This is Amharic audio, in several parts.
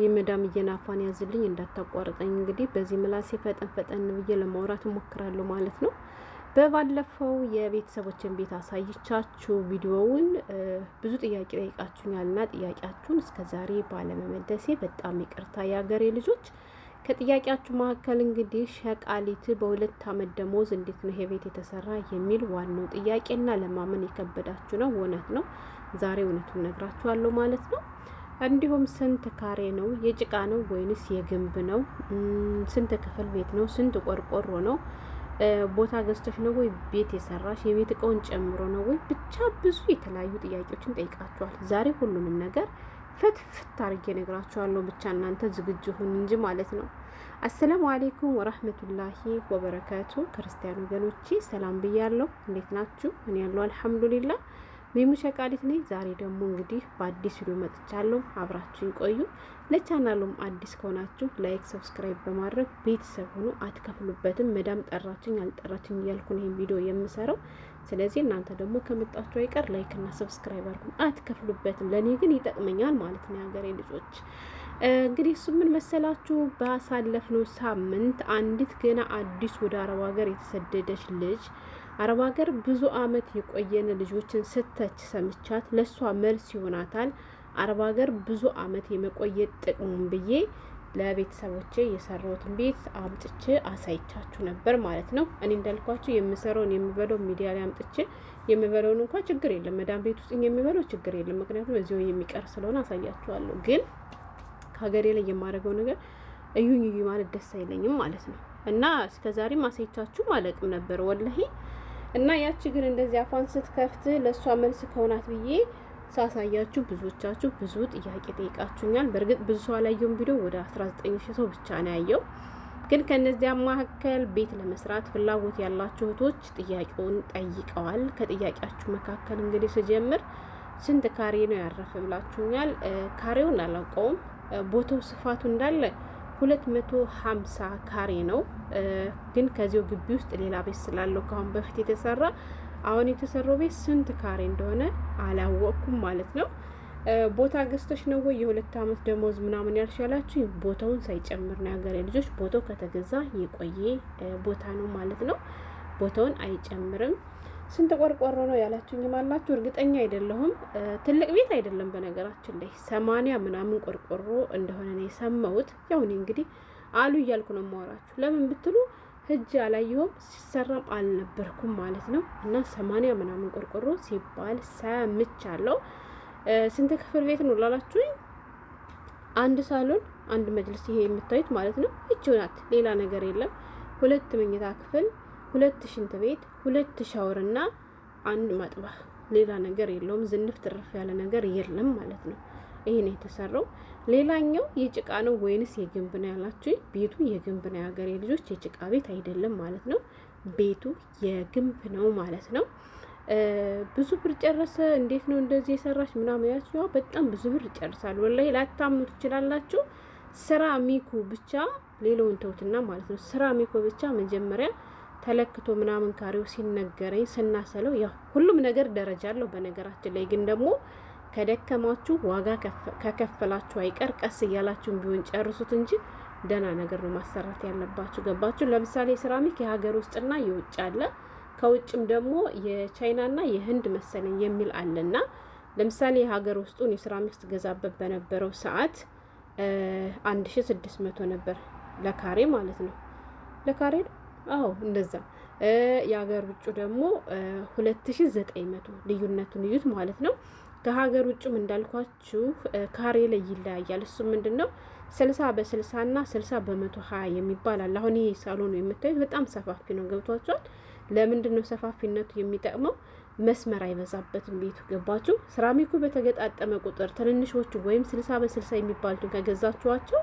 ይህ መዳም እየናፋን ያዝልኝ እንዳታቋርጠኝ። እንግዲህ በዚህ ምላሴ ፈጠን ፈጠን ብዬ ለማውራት እሞክራለሁ ማለት ነው። በባለፈው የቤተሰቦችን ቤት አሳይቻችሁ ቪዲዮውን ብዙ ጥያቄ ጠይቃችሁኛልና ጥያቄያችሁን እስከዛሬ ባለመመለሴ በጣም ይቅርታ የሀገሬ ልጆች። ከጥያቄያችሁ መካከል እንግዲህ ሸቃሊት በሁለት አመት ደሞዝ እንዴት ነው ይሄ ቤት የተሰራ የሚል ዋናው ጥያቄና ለማመን የከበዳችሁ ነው። እውነት ነው። ዛሬ እውነቱን ነግራችኋለሁ ማለት ነው። እንዲሁም ስንት ካሬ ነው? የጭቃ ነው ወይንስ የግንብ ነው? ስንት ክፍል ቤት ነው? ስንት ቆርቆሮ ነው? ቦታ ገዝተሽ ነው ወይ ቤት የሰራሽ? የቤት እቃውን ጨምሮ ነው ወይ? ብቻ ብዙ የተለያዩ ጥያቄዎችን ጠይቃችኋል። ዛሬ ሁሉንም ነገር ፍትፍት አድርጌ ነግራችኋለሁ። ብቻ እናንተ ዝግጁ ሁን እንጂ ማለት ነው። አሰላሙ አሌይኩም ወረህመቱላሂ ወበረካቱ። ክርስቲያን ወገኖቼ ሰላም ብያለሁ። እንዴት ናችሁ? እኔ ያለው አልሐምዱሊላ ሚሙ ሸቃሊት ነኝ። ዛሬ ደግሞ እንግዲህ በአዲስ ቪዲዮ መጥቻለሁ። አብራችሁን ቆዩ። ለቻናሉም አዲስ ከሆናችሁ ላይክ፣ ሰብስክራይብ በማድረግ ቤተሰብ ሆኖ አትከፍሉበትም። መዳም ጠራችኝ አልጠራችኝ እያልኩ ነው ይህን ቪዲዮ የምሰራው። ስለዚህ እናንተ ደግሞ ከመጣችሁ አይቀር ላይክና ሰብስክራይብ አድርጉ። አትከፍሉበትም። ለእኔ ግን ይጠቅመኛል ማለት ነው የሀገሬ ልጆች። እንግዲህ እሱ ምን መሰላችሁ፣ ባሳለፍነው ሳምንት አንዲት ገና አዲስ ወደ አረብ ሀገር የተሰደደች ልጅ አረብ ሀገር ብዙ አመት የቆየን ልጆችን ስተች ሰምቻት ለእሷ መልስ ይሆናታል። አረብ ሀገር ብዙ አመት የመቆየት ጥቅሙን ብዬ ለቤተሰቦቼ የሰራሁትን ቤት አምጥቼ አሳይቻችሁ ነበር ማለት ነው። እኔ እንዳልኳችሁ የምሰራውን የምበለው ሚዲያ ላይ አምጥቼ የምበለውን እንኳ ችግር የለም መዳም ቤት ውስጥ የሚበለው ችግር የለም፣ ምክንያቱም እዚሁ የሚቀር ስለሆነ አሳያችኋለሁ። ግን ከሀገሬ ላይ የማደርገው ነገር እዩኝ እዩ ማለት ደስ አይለኝም ማለት ነው። እና እስከዛሬም አሳይቻችሁ አለቅም ነበር ወላሂ እና ያቺ ግን እንደዚህ አፏን ስትከፍት ለእሷ መልስ ከሆናት ብዬ ሳሳያችሁ ብዙዎቻችሁ ብዙ ጥያቄ ጠይቃችሁኛል። በእርግጥ ብዙ ሰው አላየውም። ቪዲዮ ወደ 19 ሺህ ሰው ብቻ ነው ያየው። ግን ከእነዚያ መካከል ቤት ለመስራት ፍላጎት ያላቸው እህቶች ጥያቄውን ጠይቀዋል። ከጥያቄያችሁ መካከል እንግዲህ ስጀምር ስንት ካሬ ነው ያረፈ ብላችሁኛል። ካሬውን አላውቀውም ቦታው ስፋቱ እንዳለ ሁለት መቶ ሀምሳ ካሬ ነው። ግን ከዚው ግቢ ውስጥ ሌላ ቤት ስላለው ከአሁን በፊት የተሰራ አሁን የተሰራው ቤት ስንት ካሬ እንደሆነ አላወቅኩም ማለት ነው። ቦታ ገዝተሽ ነው ወይ የሁለት አመት ደሞዝ ምናምን ያላችሁ ቦታውን ሳይጨምር ነው ያገሬ ልጆች። ቦታው ከተገዛ የቆየ ቦታ ነው ማለት ነው። ቦታውን አይጨምርም። ስንት ቆርቆሮ ነው ያላችሁኝም አላችሁ። እርግጠኛ አይደለሁም። ትልቅ ቤት አይደለም በነገራችን ላይ ሰማንያ ምናምን ቆርቆሮ እንደሆነ ነው የሰማሁት። ያው እኔ እንግዲህ አሉ እያልኩ ነው የማወራችሁ። ለምን ብትሉ ህጅ አላየሁም ሲሰራም አልነበርኩም ማለት ነው። እና ሰማንያ ምናምን ቆርቆሮ ሲባል ሰምቻለሁ። ስንት ክፍል ቤት ነው ላላችሁኝ፣ አንድ ሳሎን፣ አንድ መጅልስ፣ ይሄ የምታዩት ማለት ነው። ይቺው ናት፣ ሌላ ነገር የለም። ሁለት መኝታ ክፍል ሁለት ሽንት ቤት፣ ሁለት ሻወር እና አንድ መጥበህ፣ ሌላ ነገር የለውም። ዝንፍ ትርፍ ያለ ነገር የለም ማለት ነው። ይሄ ነው የተሰራው። ሌላኛው የጭቃ ነው ወይንስ የግንብ ነው ያላችሁ፣ ቤቱ የግንብ ነው። የሀገሬ ልጆች የጭቃ ቤት አይደለም ማለት ነው። ቤቱ የግንብ ነው ማለት ነው። ብዙ ብር ጨረሰ። እንዴት ነው እንደዚህ የሰራች ምናምን ያችሁ፣ በጣም ብዙ ብር ጨርሳል። ወላሂ ላታምኑ ትችላላችሁ። ስራ ሚኩ ብቻ ሌላውን ተውትና ማለት ነው። ስራ ሚኮ ብቻ መጀመሪያ ተለክቶ ምናምን ካሪው ሲነገረኝ ስናሰለው፣ ያው ሁሉም ነገር ደረጃ አለው። በነገራችን ላይ ግን ደግሞ ከደከማችሁ ዋጋ ከከፈላችሁ አይቀር ቀስ እያላችሁም ቢሆን ጨርሱት እንጂ ደህና ነገር ነው ማሰራት ያለባችሁ። ገባችሁ? ለምሳሌ ሴራሚክ የሀገር ውስጥና የውጭ አለ። ከውጭም ደግሞ የቻይናና የህንድ መሰለኝ የሚል አለና ለምሳሌ የሀገር ውስጡን የሴራሚክ ስትገዛበት በነበረው ሰዓት አንድ ሺ ስድስት መቶ ነበር ለካሬ ማለት ነው ለካሬ ነው አዎ እንደዛ የሀገር ውጭ ደግሞ ሁለት ሺ ዘጠኝ መቶ ልዩነቱን እዩት ማለት ነው። ከሀገር ውጭም እንዳልኳችሁ ካሬ ላይ ይለያያል። እሱ ምንድን ነው ስልሳ በስልሳ ና ስልሳ በመቶ ሀያ የሚባል አለ። አሁን ይህ ሳሎኑ የምታዩት በጣም ሰፋፊ ነው። ገብቷቸዋል። ለምንድን ነው ሰፋፊነቱ የሚጠቅመው? መስመር አይበዛበትም ቤቱ። ገባችሁ? ሴራሚኩ በተገጣጠመ ቁጥር ትንንሾቹ ወይም ስልሳ በስልሳ የሚባሉትን ከገዛችኋቸው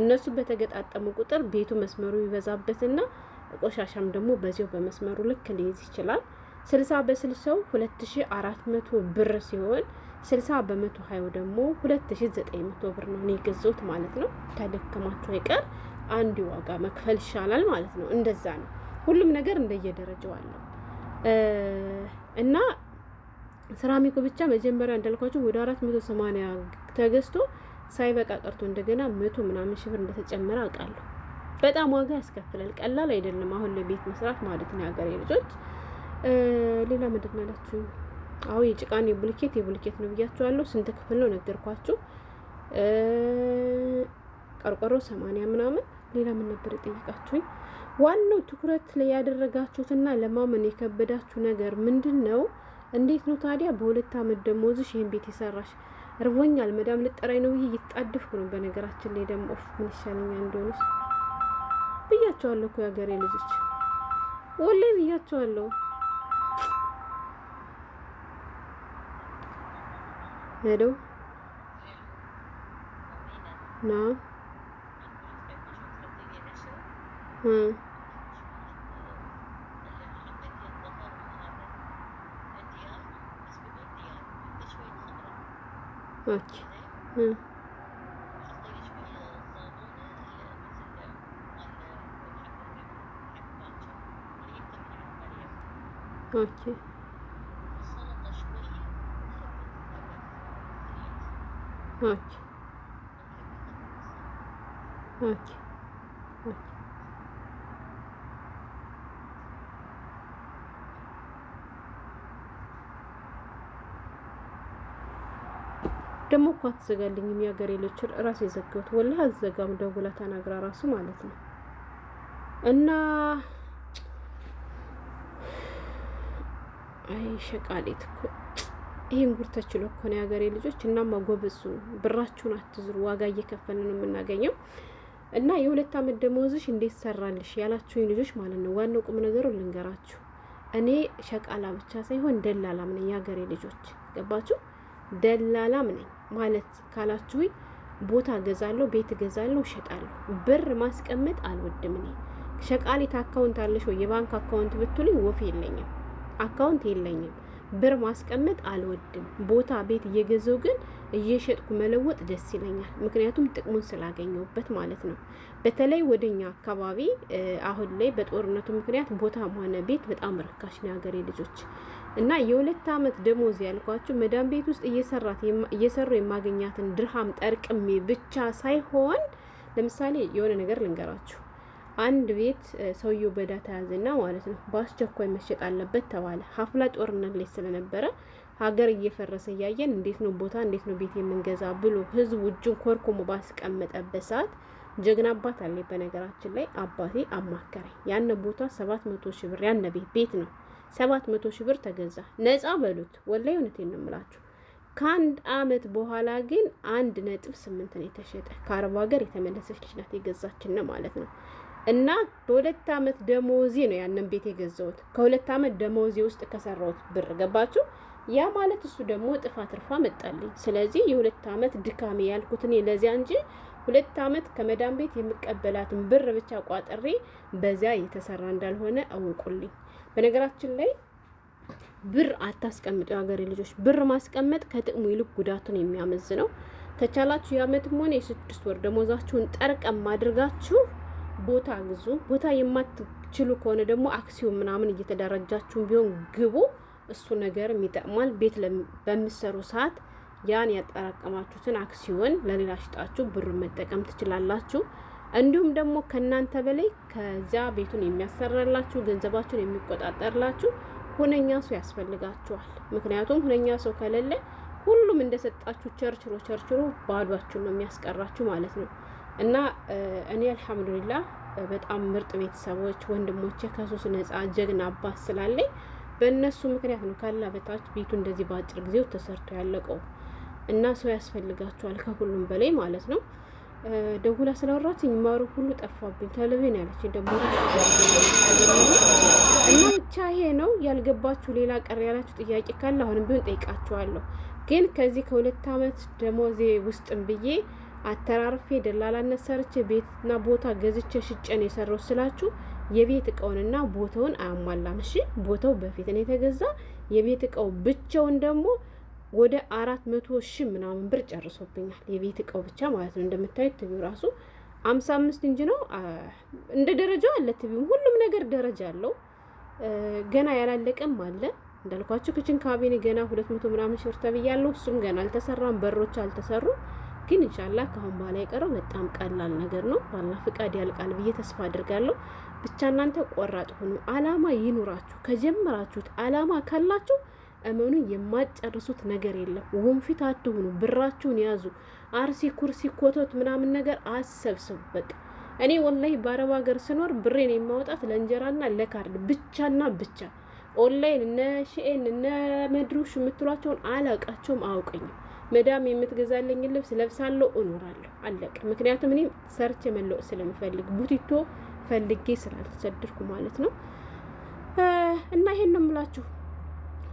እነሱ በተገጣጠሙ ቁጥር ቤቱ መስመሩ ይበዛበትና ቆሻሻም ደግሞ በዚያው በመስመሩ ልክ ሊይዝ ይችላል። ስልሳ በስልሳው ሁለት ሺ አራት መቶ ብር ሲሆን ስልሳ በመቶ ሀያው ደግሞ ሁለት ሺ ዘጠኝ መቶ ብር ነው እኔ የገዛሁት ማለት ነው። ከደከማችሁ አይቀር አንድ ዋጋ መክፈል ይሻላል ማለት ነው። እንደዛ ነው። ሁሉም ነገር እንደየደረጃው አለው እና ሰራሚኩ ብቻ መጀመሪያ እንዳልኳቸው ወደ አራት መቶ ሰማንያ ተገዝቶ ሳይበቃ ቀርቶ እንደገና መቶ ምናምን ሺህ ብር እንደተጨመረ አውቃለሁ። በጣም ዋጋ ያስከፍላል። ቀላል አይደለም። አሁን ለቤት መስራት ማለት ነው የሀገሬ ልጆች። ሌላ ምንድን ነው አዎ የጭቃን የቡልኬት የቡልኬት ነው ብያችኋለሁ። ስንት ክፍል ነው ነገርኳችሁ። ቆርቆሮ ሰማንያ ምናምን። ሌላ ምን ነበር የጠየቃችሁኝ? ዋናው ትኩረት ያደረጋችሁትና ለማመን የከበዳችሁ ነገር ምንድን ነው? እንዴት ነው ታዲያ በሁለት አመት ደሞዝሽ ይህን ቤት የሰራሽ? እርቦኛል መዳም ልጠራኝ ነው ብዬ እየጣደፍኩ ነው። በነገራችን ላይ ደግሞ ኦፍ ምን ይሻለኛል እንደሆነች ብያቸዋለሁ እኮ የሀገሬ ልጆች፣ ወሌ ብያቸዋለሁ። ሄሎ ና ኦኬ ኦኬ ኦኬ ኦኬ ኦኬ ደግሞ እኮ አትዘጋልኝም የሀገሬ ልጅ ራሴ ዘጋሁት። ወላሂ አዘጋም ደውላ ተናግራ ራሱ ማለት ነው እና አይ ሸቃሌት እኮ ይህን ጉድ ተችሎ እኮ ነው የሀገሬ ልጆች። እናማ ጎበዙ፣ ብራችሁን አትዝሩ፣ ዋጋ እየከፈልን ነው የምናገኘው። እና የሁለት አመት ደመወዝሽ እንዴት ሰራልሽ ያላችሁኝ ልጆች ማለት ነው። ዋናው ቁም ነገሩ ልንገራችሁ፣ እኔ ሸቃላ ብቻ ሳይሆን ደላላም ነኝ። የሀገሬ ልጆች ገባችሁ? ደላላም ነኝ ማለት ካላችሁኝ ቦታ እገዛለሁ፣ ቤት እገዛለሁ፣ እሸጣለሁ። ብር ማስቀመጥ አልወድም እኔ። ሸቃሌት አካውንት አለሽ ወይ የባንክ አካውንት ብትሉኝ ወፍ የለኝም። አካውንት የለኝም። ብር ማስቀመጥ አልወድም። ቦታ ቤት እየገዛው ግን እየሸጥኩ መለወጥ ደስ ይለኛል። ምክንያቱም ጥቅሙን ስላገኘሁበት ማለት ነው። በተለይ ወደኛ አካባቢ አሁን ላይ በጦርነቱ ምክንያት ቦታም ሆነ ቤት በጣም ርካሽ ነው የሀገሬ ልጆች እና የሁለት ዓመት ደሞዝ ያልኳችሁ መዳም ቤት ውስጥ እየሰራት እየሰሩ የማገኛትን ድርሃም ጠርቅሜ ብቻ ሳይሆን ለምሳሌ የሆነ ነገር ልንገራችሁ አንድ ቤት ሰውየው በዳ ተያዘና ማለት ነው። በአስቸኳይ መሸጥ አለበት ተባለ። ሀፍላ ጦርነት ላይ ስለነበረ ሀገር እየፈረሰ እያየን እንዴት ነው ቦታ እንዴት ነው ቤት የምንገዛ ብሎ ህዝቡ እጁን ኮርኮሞ ባስቀመጠበት ሰዓት ጀግና አባት አለ። በነገራችን ላይ አባቴ አማከረኝ። ያነ ቦታ ሰባት መቶ ሺህ ብር ያነ ቤት ቤት ነው ሰባት መቶ ሺህ ብር ተገዛ። ነጻ በሉት ወላይ እውነቴን ነው የምላችሁ። ከአንድ አመት በኋላ ግን አንድ ነጥብ ስምንት ነው የተሸጠ። ከአረብ ሀገር የተመለሰች ልጅ ናት የገዛችን ማለት ነው። እና በሁለት ዓመት ደሞዜ ነው ያንን ቤት የገዛሁት። ከሁለት ዓመት ደሞዜ ውስጥ ከሰራሁት ብር ገባችሁ? ያ ማለት እሱ ደግሞ ጥፋ ትርፋ መጣልኝ። ስለዚህ የሁለት ዓመት ድካሜ ያልኩት እኔ ለዚያ እንጂ ሁለት ዓመት ከመዳን ቤት የምቀበላትን ብር ብቻ ቋጥሬ በዚያ የተሰራ እንዳልሆነ አውቁልኝ። በነገራችን ላይ ብር አታስቀምጡ የሀገሬ ልጆች። ብር ማስቀመጥ ከጥቅሙ ይልቅ ጉዳቱን ነው። ተቻላችሁ የአመትም ሆነ የስድስት ወር ደሞዛችሁን ጠርቀም አድርጋችሁ ቦታ ግዙ። ቦታ የማትችሉ ከሆነ ደግሞ አክሲዮን ምናምን እየተደረጃችሁን ቢሆን ግቡ። እሱ ነገርም ይጠቅማል። ቤት በምሰሩ ሰዓት ያን ያጠራቀማችሁትን አክሲዮን ለሌላ ሽጣችሁ ብር መጠቀም ትችላላችሁ። እንዲሁም ደግሞ ከእናንተ በላይ ከዚያ ቤቱን የሚያሰራላችሁ ገንዘባችሁን የሚቆጣጠርላችሁ ሁነኛ ሰው ያስፈልጋችኋል። ምክንያቱም ሁነኛ ሰው ከሌለ ሁሉም እንደሰጣችሁ ቸርችሮ ቸርችሮ ባዷችሁን ነው የሚያስቀራችሁ ማለት ነው። እና እኔ አልሐምዱሊላ በጣም ምርጥ ቤተሰቦች ወንድሞቼ ከሶስት ነጻ ጀግና አባት ስላለኝ በእነሱ ምክንያት ነው ካላ በታች ቤቱ እንደዚህ በአጭር ጊዜው ተሰርቶ ያለቀው። እና ሰው ያስፈልጋቸዋል ከሁሉም በላይ ማለት ነው። ደውላ ስላወራችኝ ማሩ ሁሉ ጠፋብኝ ተለቤን ያለች ደግሞ እና ብቻ ይሄ ነው ያልገባችሁ። ሌላ ቀር ያላችሁ ጥያቄ ካለ አሁንም ቢሆን ጠይቃችኋለሁ። ግን ከዚህ ከሁለት አመት ደሞዜ ውስጥም ብዬ አተራርፌ ደላላነት ሰርቼ ቤትና ቦታ ገዝቼ ሽጨን የሰራው ስላችሁ የቤት እቃውንና ቦታውን አያሟላም። እሺ ቦታው በፊት ነው የተገዛ። የቤት እቃው ብቻውን ደግሞ ወደ አራት መቶ ሺህ ምናምን ብር ጨርሶብኛል። የቤት እቃው ብቻ ማለት ነው። እንደምታዩት ትቢው ራሱ አምሳ አምስት እንጂ ነው። እንደ ደረጃው አለ ትቢው፣ ሁሉም ነገር ደረጃ አለው። ገና ያላለቀም አለ እንዳልኳቸው ክችን ካቢኔ ገና ሁለት መቶ ምናምን ሺህ ተብያለሁ። እሱም ገና አልተሰራም። በሮች አልተሰሩም። ግን እንሻላ ከአሁን በኋላ የቀረው በጣም ቀላል ነገር ነው። በአላህ ፍቃድ ያልቃል ብዬ ተስፋ አድርጋለሁ። ብቻ እናንተ ቆራጥ ሆኑ። አላማ ይኑራችሁ። ከጀመራችሁት አላማ ካላችሁ እመኑ፣ የማጨርሱት ነገር የለም። ወንፊት አትሁኑ። ብራችሁን ያዙ። አርሲ ኩርሲ፣ ኮቶት ምናምን ነገር አሰብስቡ። በቃ እኔ ወላይ በአረብ ሀገር ስኖር ብሬን የማውጣት ለእንጀራና ለካርድ ብቻና ብቻ ኦንላይን እነ ሽኤን እነ መድሩሽ የምትሏቸውን አላውቃቸውም፣ አያውቀኝም መዳም የምትገዛልኝ ልብስ ለብሳለሁ፣ እኖራለሁ፣ አለቀ። ምክንያቱም እኔም ሰርቼ መለወጥ ስለምፈልግ ቡቲቶ ፈልጌ ስላልተሰደድኩ ማለት ነው። እና ይሄን ነው የምላችሁ።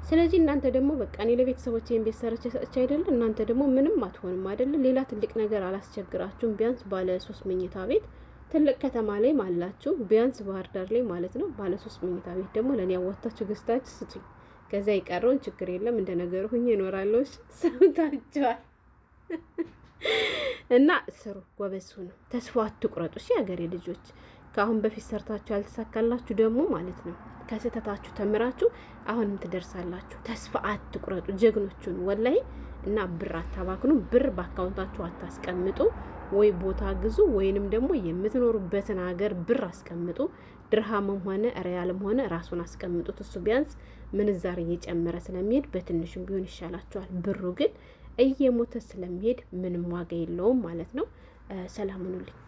ስለዚህ እናንተ ደግሞ በቃ እኔ ለቤተሰቦች ይህን ቤት ሰርቼ ሰጥቼ አይደለ፣ እናንተ ደግሞ ምንም አትሆንም አይደለ። ሌላ ትልቅ ነገር አላስቸግራችሁም። ቢያንስ ባለ ሶስት መኝታ ቤት ትልቅ ከተማ ላይ አላችሁ፣ ቢያንስ ባህር ዳር ላይ ማለት ነው። ባለ ሶስት መኝታ ቤት ደግሞ ለእኔ ያዋታችሁ ገዝታችሁ ስጡኝ። ከዛ የቀረውን ችግር የለም እንደ ነገሩ ሁኜ እኖራለሁ። ሰምታችኋል። እና ስሩ፣ ጎበዝ ሁኑ፣ ተስፋ አትቁረጡ። እሺ ሀገሬ ልጆች ከአሁን በፊት ሰርታችሁ ያልተሳካላችሁ ደግሞ ማለት ነው ከስህተታችሁ ተምራችሁ አሁንም ትደርሳላችሁ። ተስፋ አትቁረጡ። ጀግኖቹን ወላይ እና ብር አታባክኑ። ብር በአካውንታችሁ አታስቀምጡ። ወይ ቦታ ግዙ፣ ወይንም ደግሞ የምትኖሩበትን ሀገር ብር አስቀምጡ። ድርሃምም ሆነ ሪያልም ሆነ ራሱን አስቀምጡት። እሱ ቢያንስ ምንዛሬ እየጨመረ ስለሚሄድ በትንሹም ቢሆን ይሻላቸዋል። ብሩ ግን እየሞተ ስለሚሄድ ምንም ዋጋ የለውም ማለት ነው። ሰላም ሁኑልኝ።